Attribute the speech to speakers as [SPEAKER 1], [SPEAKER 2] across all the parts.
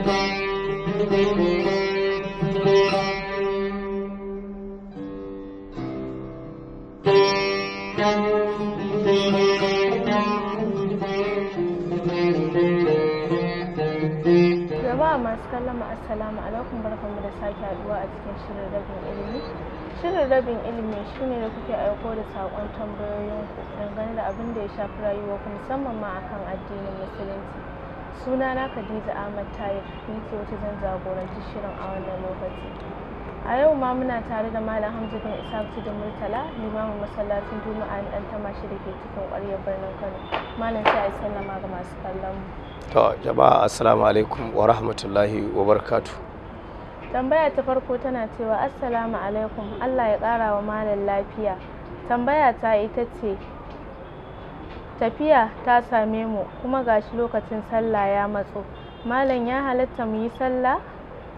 [SPEAKER 1] jama'a masu kallama assalamu alaikum barkanmu da sake haduwa a cikin shirin rabin ilimi shirin rabin ilimi ne da kuke aiko da saƙon tambayoyin dangane da abin da ya shafi rayuwa musamman ma akan addinin musulunci sunana khadija ahmad tayir ni wata zan jagoranci shirin a wannan lokaci a yau ma muna tare da malam hamza bin isaac tudun murtala limamin masallacin juma'a na dan tamashi da ke cikin ƙwaryar birnin kano malam sai a yi sallama ga masu kallon mu
[SPEAKER 2] to jama'a assalamu alaikum wa rahmatullahi wa barakatu
[SPEAKER 1] tambaya ta farko tana cewa assalamu alaikum allah ya ƙara wa malam lafiya tambaya ta ita ce tafiya ta same mu kuma gashi lokacin sallah ya matso malam ya halatta mu yi sallah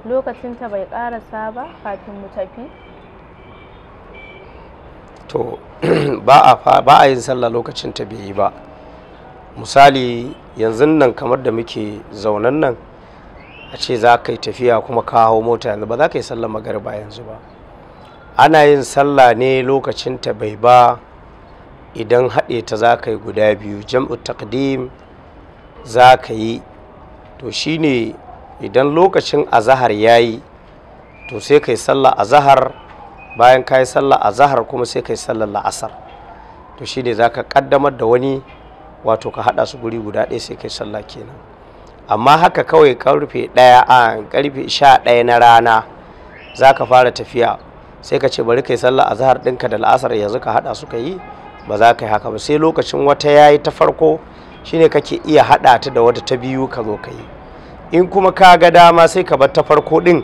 [SPEAKER 1] lokacinta bai karasa ba kafin mu tafi
[SPEAKER 2] to ba a yin sallah lokacinta bai yi ba misali yanzu nan kamar da muke zaunan nan a ce za ka yi tafiya kuma ka hau mota yanzu ba za ka yi sallah magariba yanzu ba ana yin sallah ne lokacinta bai ba idan haɗe ta za ka yi guda biyu jam'u takdim za ka yi to shine idan lokacin azahar ya yi to sai ka yi sallah azahar bayan ka yi sallah azahar kuma sai ka yi sallar la'asar to shine za ka ƙaddamar da wani wato ka haɗa su guri guda ɗaya sai ka yi sallah kenan amma haka kawai karfe ɗaya a karfe sha ɗaya na rana za ka fara tafiya sai ka ce bari ka yi sallah azahar ɗinka da la'asar yanzu ka haɗa su ka yi ba za ka yi haka ba sai lokacin wata ya yi ta farko shine kake iya haɗa ta da wata ta biyu ka zo ka yi in kuma ka ga dama sai ka bar ta farko ɗin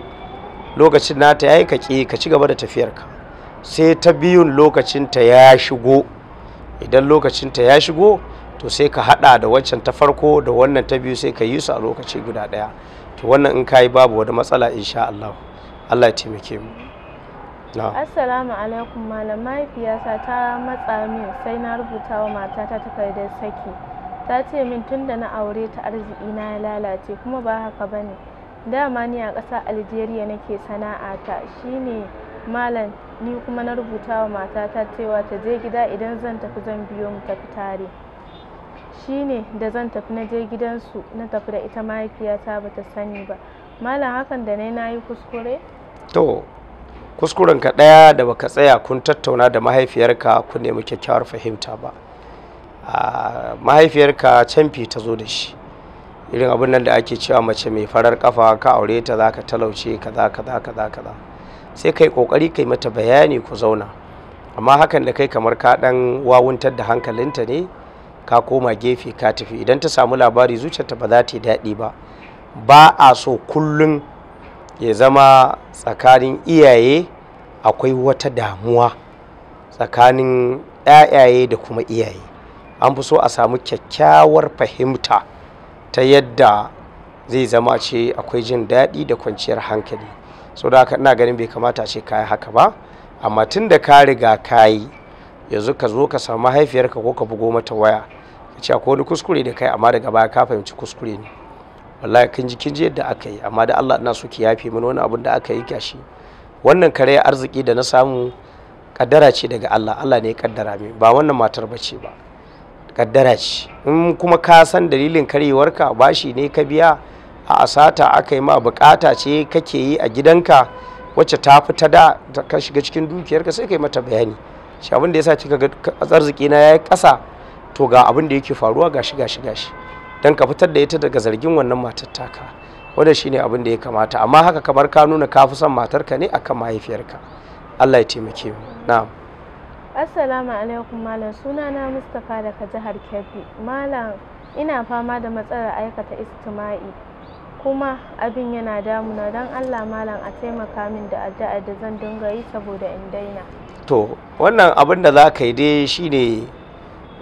[SPEAKER 2] lokacin nata yayi ka ƙi ka ci gaba da ka sai ta biyun lokacin ta ya shigo idan lokacin ta ya shigo to sai ka haɗa da waccan ta farko da wannan ta biyu sai ka yi su a lokaci guda ɗaya to wannan in ka yi babu wata matsala insha Allah Allah ya taimake mu
[SPEAKER 1] assalamu alaikum malam mahaifiyata ta matsa min sai na rubuta wa matata takardar saki ta ce min tun da na aure ta arziki na ya lalace kuma ba haka ba ne dama ni a ƙasar algeria nake sana'ata shine malam ni kuma na rubuta wa matata cewa ta je gida idan zan tafi zan biyo mu tafi tare shine da zan tafi na je gidansu na tafi da ita mahaifiyata ba ta sani ba malam hakan da na yi kuskure
[SPEAKER 2] to kuskuren ka ɗaya da baka tsaya kun tattauna da mahaifiyarka kun nemi kyakkyawar fahimta ba mahaifiyarka canfi ta zo da shi irin abin nan da ake cewa mace mai farar kafa ka aure ta za ka talauce ka za za ka za ka sai kai kokari kai mata bayani ku zauna amma hakan da kai kamar ka dan wawuntar da hankalinta ne ka koma gefe ka tafi idan ta samu labari zuciyarta ba za ta yi daɗi ba ba a so kullum ya zama tsakanin iyaye akwai wata damuwa tsakanin ‘ya'yaye da kuma iyaye an fi so a samu kyakkyawar fahimta ta yadda zai zama ce akwai jin daɗi da kwanciyar hankali so da haka ina ganin bai kamata ce kayi haka ba amma tun da ka riga kayi yanzu ka zo ka samu mahaifiyarka ko ka bugo mata waya ka ce akwai wani kuskure da kai amma daga baya ka fahimci kuskure ne wallahi kan ji kin ji yadda aka yi amma da Allah ina so ki yafe mini wani abun da aka yi gashi wannan kare arziki da na samu kaddara ce daga Allah Allah ne ya kaddara min ba wannan matar bace ba kaddara ce in kuma ka san dalilin karyewarka bashi ne ka biya a asata aka yi ma bukata ce kake yi a gidanka wacce ta fita da ka shiga cikin dukiyarka sai ka mata bayani shi abin da yasa kika ga arziki na yayi kasa to ga abin da yake faruwa gashi gashi gashi don ka fitar da ita daga zargin wannan matar taka wanda shine abin da ya kamata amma haka kamar ka nuna ka fi son matarka ne akan mahaifiyarka Allah ya taimake mu na'am
[SPEAKER 1] Assalamu alaikum malam Suna na Mustapha daga jihar Kebbi malam ina fama da matsalar aikata istima'i kuma abin yana damuna don Allah malam a taimaka min da addu'a da zan dinga yi saboda in daina
[SPEAKER 2] to wannan abin da za ka yi dai shine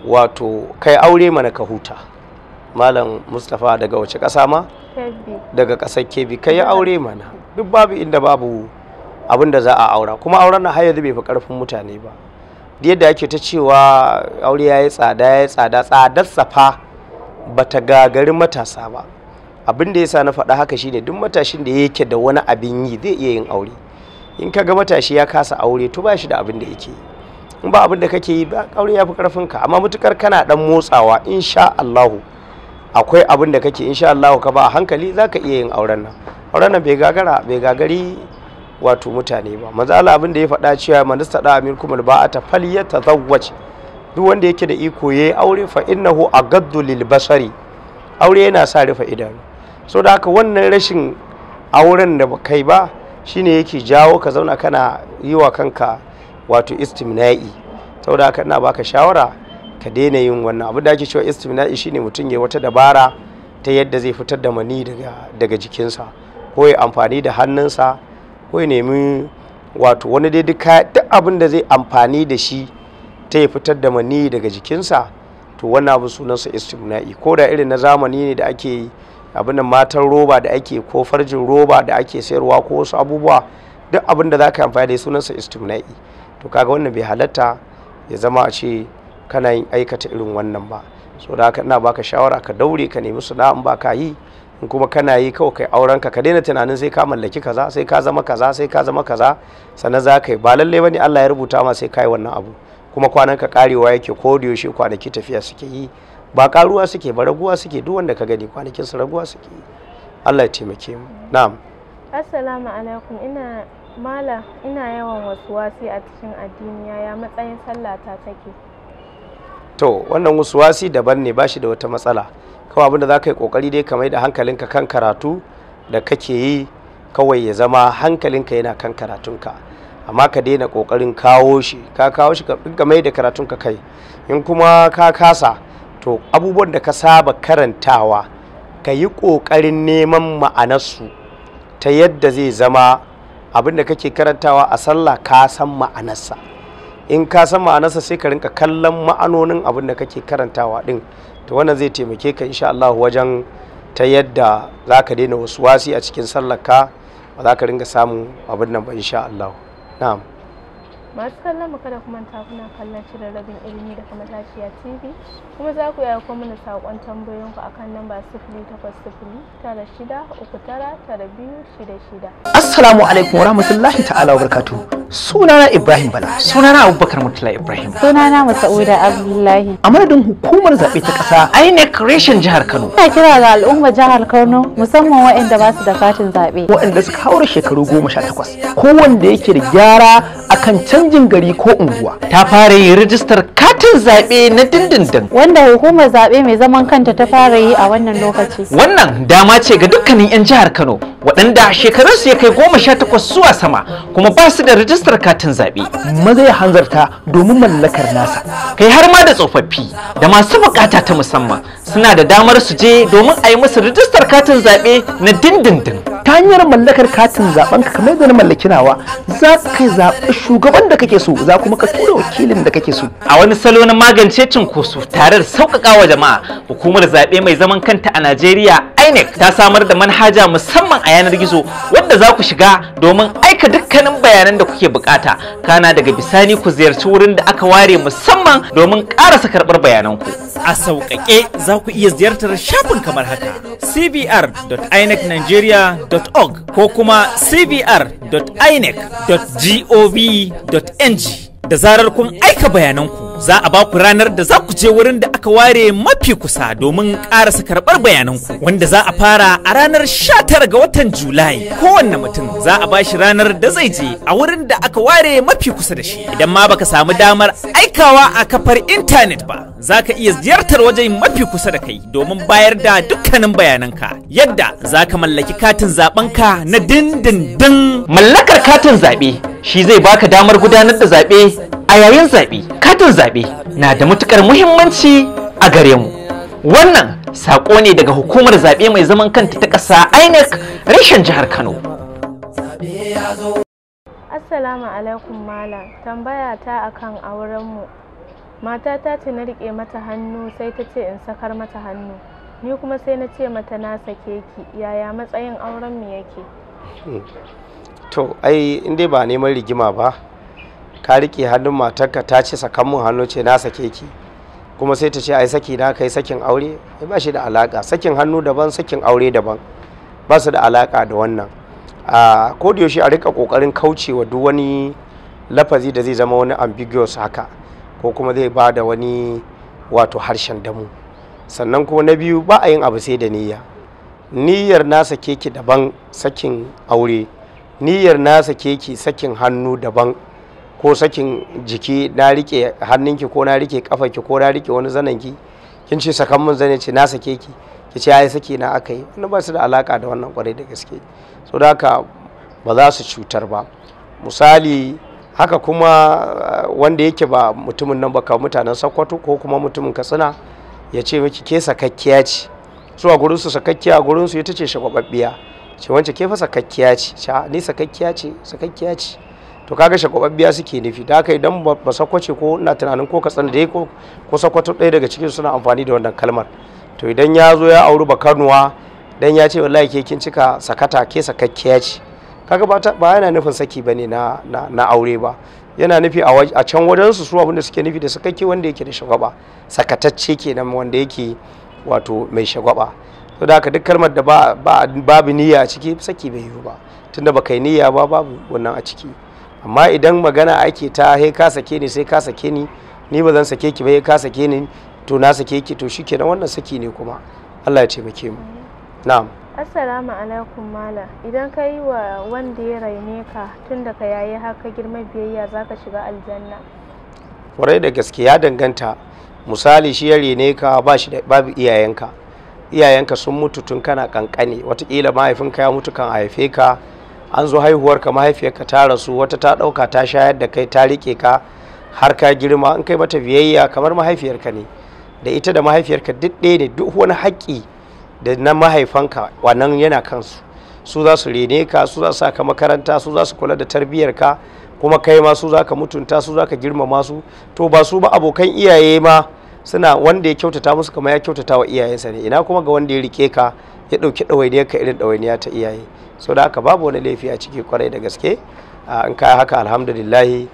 [SPEAKER 2] wato kai aure mana ka huta malam mustapha daga wace kasa ma daga ƙasar kebi kai ya aure mana duk babu inda babu abin da za a aura kuma auren na har bai fi karfin mutane ba da yadda ake ta cewa aure ya yi tsada ya yi tsada tsadar safa ba ta gagari matasa ba abin da ya sa na faɗa haka shine duk matashin da yake da wani abin yi zai iya yin aure in ka ga matashi ya kasa aure to ba shi da abin da yake yi in ba abin da kake yi ba aure ya fi karfin ka amma mutukar kana dan motsawa insha Allahu akwai abin da kake insha Allah ka ba a hankali zaka iya yin auren nan auren nan bai gagara bai gagari wato mutane ba maza abin da ya faɗa cewa ba istada ta alba'ata falyatazawwaj duk wanda yake da iko yayi aure fa innahu agaddu lil basari aure yana sa rufe idanu so da haka wannan rashin auren da kai ba shine yake jawo ka zauna kana yi wa kanka wato istimna'i saboda haka ina baka shawara ka daina yin wannan abu da ake cewa istimna'i shine mutum ya wata dabara ta yadda zai fitar da mani daga daga jikinsa ko ya amfani da hannunsa ko ya nemi wato wani dai duk abin da zai amfani da shi ta ya fitar da mani daga jikinsa to wannan abu sunansa istimna'i ko da irin na zamani ne da ake yi abin matar roba da ake ko farjin roba da ake sayarwa ko wasu abubuwa duk abin da za ka amfani da sunansa istimna'i to kaga wannan bai halatta ya zama a ce kana yin aikata irin wannan ba so da haka ina baka shawara ka daure ka nemi su da in ka yi in kuma kana yi kawai kai auren ka ka daina tunanin sai ka mallaki kaza sai ka zama kaza sai ka zama kaza sannan za ka yi ba lalle bane Allah ya rubuta ma sai ka wannan abu kuma kwanan ka karewa yake ko da yaushe kwanaki tafiya suke yi ba karuwa suke ba raguwa suke duk wanda ka gani kwanakin su raguwa suke yi Allah ya taimake mu na'am
[SPEAKER 1] assalamu alaikum ina mala ina yawan wasu wasi a cikin addini ya matsayin sallata take
[SPEAKER 2] to wannan wasuwasi daban ne bashi da wata matsala kawai abin da za ka yi kokari dai ka mai da hankalinka kan karatu da kake yi kawai ya zama hankalinka yana kan karatunka amma ka daina kokarin kawo shi ka kawo shi ka mai da karatunka kai in kuma ka kasa to abubuwan da ka saba karantawa ka yi kokarin neman ma'anarsu ta yadda zai zama abin da kake karantawa a sallah ka san ma'anarsa in ka san ma'anarsa sai ka rinka kallon ma'anonin abin da kake karantawa din to wannan zai taimake ka insha Allah wajen ta yadda za ka daina wasu wasi a cikin sallarka ba za ka rinka samun abin nan ba insha Allah na'am
[SPEAKER 1] masu kallon mu kada kuma ta kuna kallon shirin rabin ilimi da kuma tashiya tv kuma za ku yaya mana saƙon tambayoyin ku akan namba sifili takwas sifili tara shida uku tara tara biyu shida shida assalamu alaikum warahmatullahi
[SPEAKER 2] ta'ala
[SPEAKER 3] wa barakatuhu sunana ibrahim bala sunana abubakar mutula ibrahim sunana masauda
[SPEAKER 1] abdullahi
[SPEAKER 3] a madadin hukumar zaɓe ta ƙasa inec reshen jihar kano
[SPEAKER 1] ina kira ga al'ummar jihar kano musamman waɗanda ba su da katin zaɓe waɗanda
[SPEAKER 3] suka haura shekaru goma sha takwas ko wanda yake da gyara akan canjin gari ko unguwa ta fara yin rijistar katin zaɓe na dindindin
[SPEAKER 1] wanda hukumar zaɓe mai zaman kanta ta fara yi a wannan lokaci wannan
[SPEAKER 3] dama ce ga dukkanin 'yan jihar kano waɗanda shekarunsu ya kai goma sha takwas zuwa sama kuma ba su da rijistar rajistar katin zaɓe maza ya hanzarta domin mallakar nasa kai har ma da tsofaffi da masu bukata ta musamman suna da damar su je domin a yi musu rajistar katin zaɓe na dindindin ta hanyar mallakar katin zaben ka kamar yadda na mallaki nawa za ka zaɓi shugaban da kake so za kuma ka tura wakilin da kake so a wani salo na magance cinkoso tare da sauƙaƙa wa jama'a hukumar zaɓe mai zaman kanta a Najeriya INEC ta samar da manhaja musamman a yanar gizo wadda za ku shiga domin aika aika dukkanin bayanan da kuke bukata kana daga bisani ku ziyarci wurin da aka ware musamman domin karasa karbar bayananku a sauƙaƙe za ku iya ziyartar shafin kamar haka cbr.inecnigeria.org ko kuma cbr.inec.gov.ng da zarar kun aika bayananku za a ba ku ranar da za ku je wurin da aka ware mafi kusa domin karasa karɓar bayananku wanda za a fara a ranar 19 ga watan julai kowanne mutum za a ba shi ranar da zai je a wurin da aka ware mafi kusa da shi idan ma baka samu damar aikawa a kafar intanet ba za ka iya ziyartar wajen mafi kusa da kai domin bayar da dukkanin bayananka yadda za ka mallaki katin zaɓenka na dindindin mallakar katin zaɓe shi zai baka damar gudanar da zaɓe a yayin zaɓe katin zaɓe na da matukar muhimmanci a gare mu wannan saƙo ne daga hukumar zaɓe mai zaman kanta ta ƙasa inec reshen jihar kano
[SPEAKER 1] assalamu alaikum malam tambaya ta akan aurenmu mata ta ce na riƙe mata hannu sai ta ce in sakar mata hannu ni kuma sai na ce mata na sake ki yaya matsayin auren mu yake
[SPEAKER 2] to ai in dai ba neman rigima ba ka rike hannun matarka ta ce sakan mun hannu ce na sake ki kuma sai ta ce ai saki na kai sakin aure eh, ba shi da alaka sakin hannu daban sakin aure daban ba su da alaka da wannan a yaushe a rika kokarin kaucewa duk wani lafazi da zai zama wani ambiguous haka ko kuma zai ba da wani wato harshen damu sannan kuma na biyu ba a yin abu sai da niyya niyyar na sake ki daban sakin aure niyyar na sake ki sakin hannu daban ko sakin jiki na rike hannunki ko na rike kafanki ko na rike wani zananki kin ce sakan mun zane ce na sake ki ki ce ai saki na aka yi wannan ba su da alaka da wannan kwarai da gaske so da haka ba za su cutar ba misali haka kuma eh, wanda yake ba mutumin nan ba ka mutanen sakwato ko kuma mutumin katsina ya ce miki ke sakakkiya ce su a gurin su sakakkiya a gurin su ita ce shagwababbiya ce wance ke fa sakakkiya ce ni sakakkiya ce sakakkiya ce to kaga shagwababbiya suke nufi da haka idan ba sakwace ko ina tunanin ko katsan da ko ko sakwato ɗaya daga cikin suna amfani da wannan kalmar to idan ya zo ya auri bakanuwa dan ya ce wallahi ke kin cika sakata ke sakakkiya ce kaga ba yana nufin saki bane na na aure ba yana nufi a can wajen su su abinda suke nufi da sakakke wanda yake da shagwaba sakatacce kenan wanda yake wato mai shagwaba to da haka duk kalmar da ba babu niyya a ciki saki bai yiwu ba tunda baka yi niyya ba babu wannan a ciki amma idan magana ake ta he ka sake ni sai ka sake ni ni ba zan sake ki ba he ka sake ni to na sake ki to shikenan wannan saki ne kuma Allah ya taimake mu na'am
[SPEAKER 1] assalamu alaikum mala idan ka yi wa wanda ya raine ka tun da ka yayi haka girma biyayya zaka shiga aljanna
[SPEAKER 2] kwarai da gaske ya danganta misali shi ya raine ka ba shi da babu iyayenka iyayenka sun mutu tun kana kankane watakila mahaifinka ya mutu kan haife ka an zo haihuwar ka mahaifiyarka ta rasu wata ta ɗauka ta shayar da kai ta rike ka har ka girma in kai mata biyayya kamar mahaifiyarka ne da ita da mahaifiyarka duk ɗaya ne duk wani haƙƙi da na mahaifanka wannan yana kansu su za su rene ka su za su ka makaranta su za su kula da ka, kuma kai ma su za ka mutunta su za ka girmama su to ba su ba abokan iyaye ma suna wanda ya kyautata musu kamar ya kyautata wa iyayensa ne ina kuma ga wanda ya rike ka ya ɗauki ɗawainiyarka irin ɗawainiya ta iyaye so da haka babu wani laifi a ciki kwarai da gaske in ka haka alhamdulillahi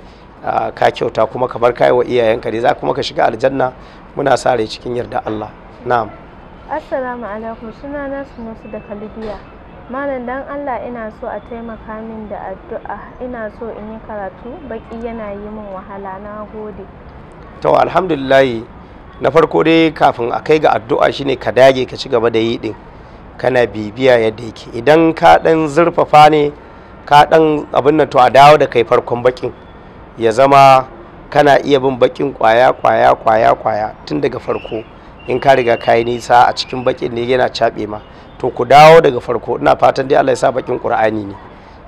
[SPEAKER 2] ka kyauta kuma kamar kai wa iyayenka ne za kuma ka shiga aljanna muna sa rai cikin yarda Allah na'am
[SPEAKER 1] assalamu alaikum suna na sunusu da kalibiya malam dan Allah ina so a taimaka min da addu'a ina so in yi karatu baki yana yi min wahala na gode
[SPEAKER 2] to alhamdulillahi na farko dai kafin a kai ga addu'a shine ka dage ka ci gaba da yi din kana bibiya yadda yake idan ka dan zurfafa ne ka dan abin nan to a dawo da kai farkon bakin ya zama kana iya bin bakin kwaya kwaya kwaya kwaya tun daga farko in ka riga ka yi nisa a cikin bakin ne yana caɓe ma to ku dawo daga farko ina fatan dai Allah ya sa bakin Qur'ani ne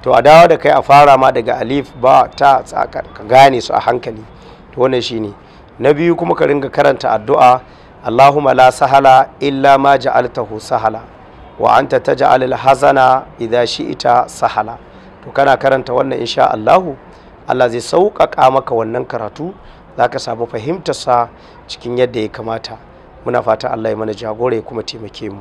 [SPEAKER 2] to a dawo da kai a fara ma daga alif ba ta ka gane su a hankali to wannan shine na biyu kuma ka ringa karanta addu'a Allahumma la sahala illa ma ja'altahu sahala wa anta taj'al al-hazana shi ita sahala to kana karanta wannan insha Allahu Allah zai sauƙaƙa maka wannan karatu zaka samu fahimtar cikin yadda ya kamata muna fata Allah ya mana jagora ya kuma taimake mu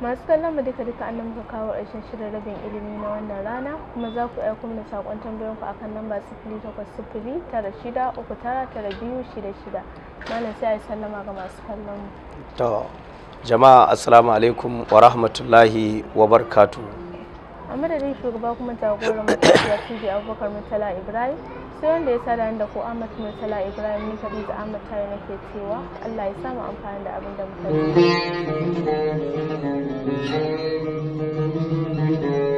[SPEAKER 1] masu kallon mu duka duka annan muka kawo ƙarshen shirin rabin ilimi na wannan rana kuma za ku aiko mana saƙon tambayoyin ku akan namba sifili takwas sifili tara shida uku tara tara biyu shida shida malam sai a yi sallama ga masu kallon
[SPEAKER 2] mu jama'a assalamu alaikum wa rahmatullahi wa barkatu
[SPEAKER 1] a madadin shugaba kuma jagoran matafiya tv abubakar murtala ibrahim sai wanda ya sada da ko ahmad murtala ibrahim ni da ahmad tare nake cewa allah ya samu amfani da abin
[SPEAKER 2] da
[SPEAKER 3] muka